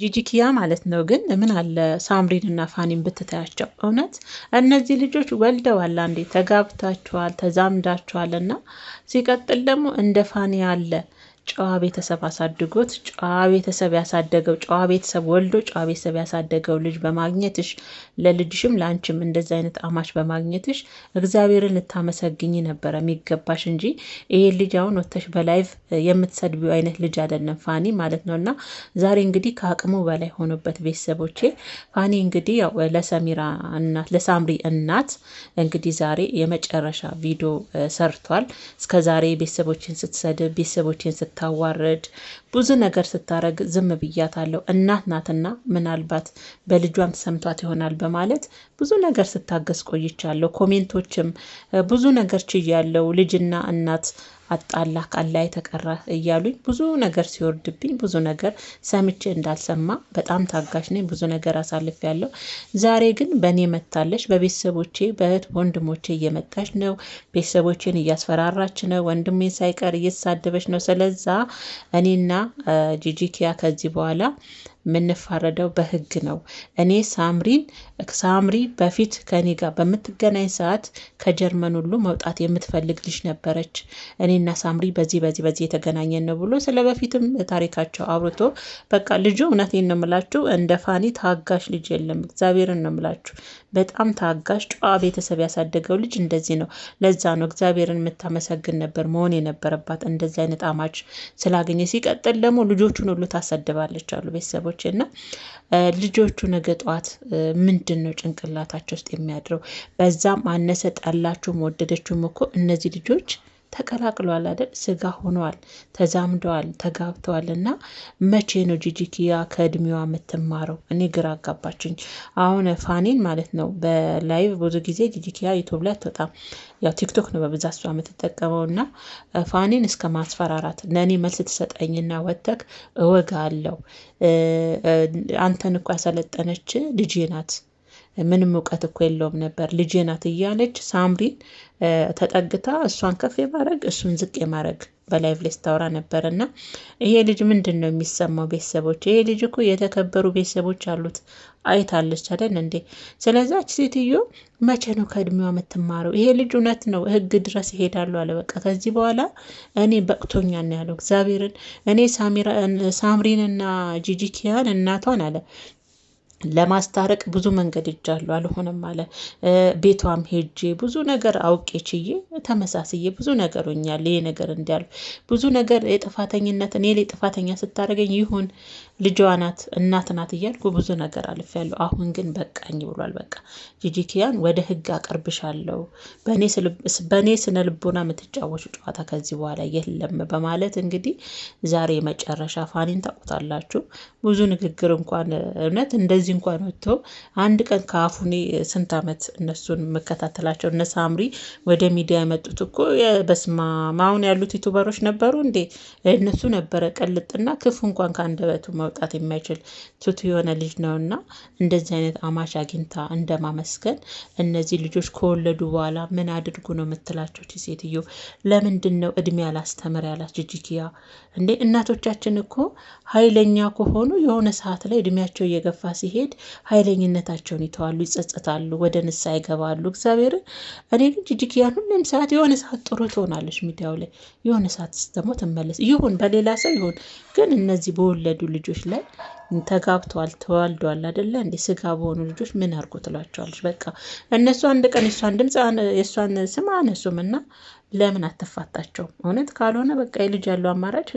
ጂጂኪያ ማለት ነው። ግን ምን አለ ሳምሪን እና ፋኒን ብትታያቸው እውነት እነዚህ ልጆች ወልደዋል፣ አንዴ ተጋብታችኋል፣ ተዛምዳችኋል እና ሲቀጥል ደግሞ እንደ ፋኒ አለ ጨዋ ቤተሰብ አሳድጎት ጨዋ ቤተሰብ ያሳደገው ጨዋ ቤተሰብ ወልዶ ጨዋ ቤተሰብ ያሳደገው ልጅ በማግኘትሽ ለልጅሽም ለአንቺም እንደዚህ አይነት አማች በማግኘትሽ እግዚአብሔርን ልታመሰግኝ ነበረ የሚገባሽ እንጂ ይሄ ልጅ አሁን ወተሽ በላይቭ የምትሰድቢው አይነት ልጅ አይደለም ፋኒ ማለት ነው። እና ዛሬ እንግዲህ ከአቅሙ በላይ ሆኖበት ቤተሰቦቼ ፋኒ እንግዲህ ያው ለሰሚራ እናት ለሳምሪ እናት እንግዲህ ዛሬ የመጨረሻ ቪዲዮ ሰርቷል። እስከዛሬ ቤተሰቦችን ስትሰድብ ቤተሰቦችን ስት ስታዋረድ ብዙ ነገር ስታረግ ዝም ብያታለሁ። እናት ናትና ምናልባት በልጇም ተሰምቷት ይሆናል በማለት ብዙ ነገር ስታገስ ቆይቻለሁ። ኮሜንቶችም ብዙ ነገር ችያለሁ። ልጅና እናት አጣላ ቃላ የተቀራ እያሉኝ ብዙ ነገር ሲወርድብኝ ብዙ ነገር ሰምቼ እንዳልሰማ በጣም ታጋሽ ነኝ። ብዙ ነገር አሳልፍ ያለው ዛሬ ግን በእኔ መታለች። በቤተሰቦቼ በእህት ወንድሞቼ እየመጣች ነው። ቤተሰቦቼን እያስፈራራች ነው። ወንድሜ ሳይቀር እየተሳደበች ነው። ስለዛ እኔና ጂጂኪያ ከዚህ በኋላ የምንፋረደው በህግ ነው። እኔ ሳምሪን ሳምሪ በፊት ከኔ ጋር በምትገናኝ ሰዓት ከጀርመን ሁሉ መውጣት የምትፈልግ ልጅ ነበረች። እኔና ሳምሪ በዚህ በዚህ በዚህ የተገናኘን ነው ብሎ ስለ በፊትም ታሪካቸው አውርቶ በቃ ልጁ እውነቴን ነው የምላችሁ እንደ ፋኒ ታጋሽ ልጅ የለም። እግዚአብሔርን ነው የምላችሁ በጣም ታጋሽ ጨዋ ቤተሰብ ያሳደገው ልጅ እንደዚህ ነው። ለዛ ነው እግዚአብሔርን የምታመሰግን ነበር መሆን የነበረባት እንደዚህ አይነት አማች ስላገኘ። ሲቀጥል ደግሞ ልጆቹን ሁሉ ታሰድባለች አሉ ቤተሰቦች ቤተሰቦች እና ልጆቹ ነገ ጠዋት ምንድን ነው ጭንቅላታቸው ውስጥ የሚያድረው? በዛም አነሰ ጠላችሁም ወደደችሁም እኮ እነዚህ ልጆች ተቀላቅሏል አይደል? ስጋ ሆኗል ተዛምደዋል፣ ተጋብተዋል። እና መቼ ነው ጂጂኪያ ከእድሜዋ የምትማረው? እኔ ግራ አጋባችኝ። አሁን ፋኒን ማለት ነው በላይቭ ብዙ ጊዜ ጂጂኪያ ዩቱብ ላይ አትወጣም፣ ያው ቲክቶክ ነው በብዛት እሷ የምትጠቀመው። እና ፋኒን እስከ ማስፈራራት ለእኔ መልስ ትሰጠኝና ወተክ እወጋ አለው አንተን እኮ ያሰለጠነች ልጄ ናት ምንም እውቀት እኮ የለውም ነበር ልጄ ናት እያለች ሳምሪን ተጠግታ እሷን ከፍ የማድረግ እሱን ዝቅ የማድረግ በላይቭ ላይ ስታወራ ነበር። እና ይሄ ልጅ ምንድን ነው የሚሰማው? ቤተሰቦች ይሄ ልጅ እኮ የተከበሩ ቤተሰቦች አሉት። አይታለች አለን እንዴ? ስለዛች ሴትዮ መቼ ነው ከእድሜዋ የምትማረው? ይሄ ልጅ እውነት ነው ህግ ድረስ ይሄዳሉ አለ። በቃ ከዚህ በኋላ እኔ በቅቶኛ ነው ያለው እግዚአብሔርን። እኔ ሳምሪንና ጂጂኪያን እናቷን አለ ለማስታረቅ ብዙ መንገድ ሄጃለሁ፣ አልሆነም አለ። ቤቷም ሄጄ ብዙ ነገር አውቄ ችዬ ተመሳስዬ ብዙ ነገር ሆኛል። ይሄ ነገር እንዲያሉ ብዙ ነገር የጥፋተኝነት እኔ ላይ ጥፋተኛ ስታደርገኝ ይሁን ልጇ ናት እናት ናት እያልኩ ብዙ ነገር አልፌያለሁ። አሁን ግን በቃኝ ብሏል። በቃ ጂጂኪያን ወደ ህግ አቀርብሻለሁ፣ በእኔ ስነ ልቦና የምትጫወቹ ጨዋታ ከዚህ በኋላ የለም በማለት እንግዲህ ዛሬ የመጨረሻ ፋኒን ታውቁታላችሁ። ብዙ ንግግር እንኳን እውነት እንደዚህ እንኳን ወጥቶ አንድ ቀን ከአፉኔ ስንት ዓመት እነሱን የምከታተላቸው እነ ሳምሪ ወደ ሚዲያ የመጡት እኮ በስማ ማሁን ያሉት ዩቱበሮች ነበሩ እንዴ? እነሱ ነበረ ቀልጥና ክፉ እንኳን ከአንደበቱ ማውጣት የማይችል ቱቱ የሆነ ልጅ ነው እና እንደዚህ አይነት አማች አግኝታ እንደማመስገን እነዚህ ልጆች ከወለዱ በኋላ ምን አድርጉ ነው የምትላቸው? ሴትዮ ለምንድን ነው እድሜ ያላስተምር ያላት ጅጅኪያ እንዴ እናቶቻችን እኮ ኃይለኛ ከሆኑ የሆነ ሰዓት ላይ እድሜያቸው እየገፋ ሲሄድ ኃይለኝነታቸውን ይተዋሉ፣ ይጸጸታሉ፣ ወደ ንሳ ይገባሉ። እግዚአብሔር እኔ ግን ጂጂኪያን ሁሉም ሰዓት የሆነ ሰዓት ጥሩ ትሆናለች ሚዲያው ላይ የሆነ ሰዓት ደግሞ ትመለስ ይሁን፣ በሌላ ሰው ይሁን፣ ግን እነዚህ በወለዱ ልጆች ልጆች ላይ ተጋብተዋል ተዋልደዋል አደለ እንዴ ስጋ በሆኑ ልጆች ምን አድርጎ ትላቸዋለች? በቃ እነሱ አንድ ቀን የሷን ድምፅ የሷን ስም አነሱም እና ለምን አትፋታቸውም? እውነት ካልሆነ በቃ የልጅ ያለው አማራጭ